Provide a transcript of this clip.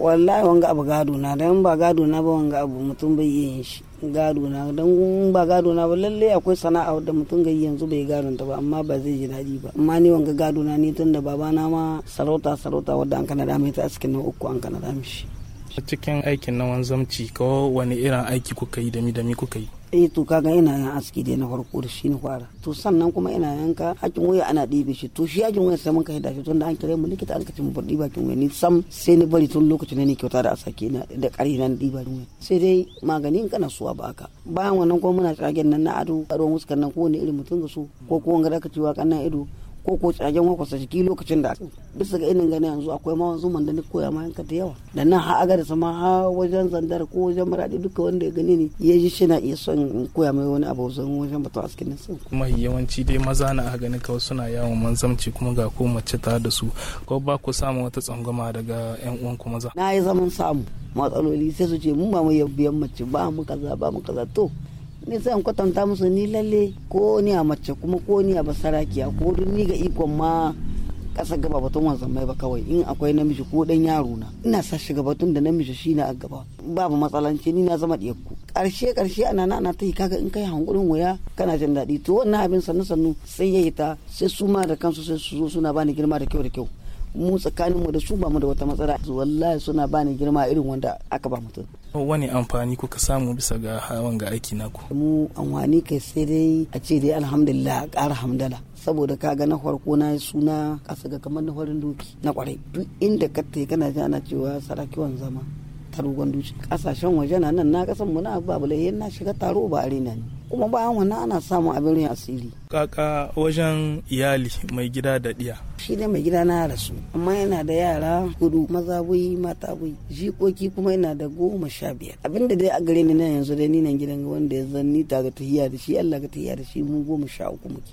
wallahi wanga abu gado na dan ba gado na ba wanga abu mutum bai yi shi gado na dan ba gado na ba lalle akwai sana'a da mutum gai yanzu bai gado ta ba amma ba zai ji daɗi ba amma ni wanga gado na ni tunda baba na ma sarauta sarauta wadda an kana dame ta a cikin nan uku an kana dame shi cikin aikin na wanzamci ko wani irin aiki kuka yi da mi da mi kuka yi eh to kaga ina yan aski dai na farko da shi ni fara to sannan kuma ina yanka hakin waya ana ɗibe shi to shi hakin waya sai mun kai da shi tunda an kire mu likita an kace mu bar ɗiba kin ni sam sai ni bari tun lokacin ne ni kyauta da asake na da ƙari na ɗiba ni sai dai maganin kana suwa ba ka bayan wannan kuma muna tsagen nan na ado ado musu wuskan nan kowane irin mutum ga su ko ko wanga da ka ciwa nan ido ko ko tsagen wakwasa jiki lokacin da bisa ga inin gani yanzu akwai ma wanzu man da ni koya ma yanka da yawa da nan ha aga da sama ha wajen zandar ko wajen maradi duka wanda ya gani ne ya ji shi na iya son koya mai wani abu wajen wajen bata askin nan sun kuma yawanci dai maza na a gani kawai suna yawon manzamci kuma ga ko mace ta da su ko ba ku samu wata tsangwama daga yan uwan ku maza na yi zaman samu matsaloli sai su ce mun ba mu yabbiyan mace ba mu kaza ba mu kaza to ni sai in kwatanta musu ni lalle ko ni a mace kuma ko ni a basarakiya ko ni ga ikon ma kasa gaba batun wanzan mai ba kawai in akwai namiji ko dan yaro na ina sa shiga batun da namiji shine a gaba babu matsalanci ni na zama diyakku karshe karshe ana na ana kaga in kai hankulin waya kana jin daɗi to wannan abin sannu sannu sai ya ta sai su ma da kansu sai su zo suna bani girma da kyau da kyau mu tsakanin mu da su ba mu da wata matsala wallahi suna bani girma irin wanda aka ba mutum wani amfani kuka samu bisa ga hawan ga aiki naku mu amfani kai sai dai a ce dai alhamdulillah ƙara hamdala saboda ka ga na farko na suna kasa ga kamar na farin doki na kwarai duk inda ka kana ji ana cewa sarakiwan zama taro gwanduci kasashen waje na nan na kasan mu na babu lahiyin na shiga taro ba arena ne kuma bayan wannan ana samun abin rin asiri. Kaka wajen iyali mai gida da ɗiya. Shi ne mai gida na rasu, amma yana da yara hudu maza bai mata bai jikoki kuma yana da goma sha biyar. Abin da dai a gare ni na yanzu dai ni nan gidan wanda ya zan ni ta ga tahiya da shi Allah ga tahiya da shi mu goma sha uku muke.